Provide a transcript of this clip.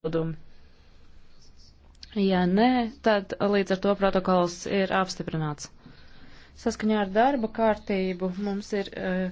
iebildumu? Ja nē, tad līdz ar to protokols ir apstiprināts. Saskaņā ar darba kārtību mums ir. Uh,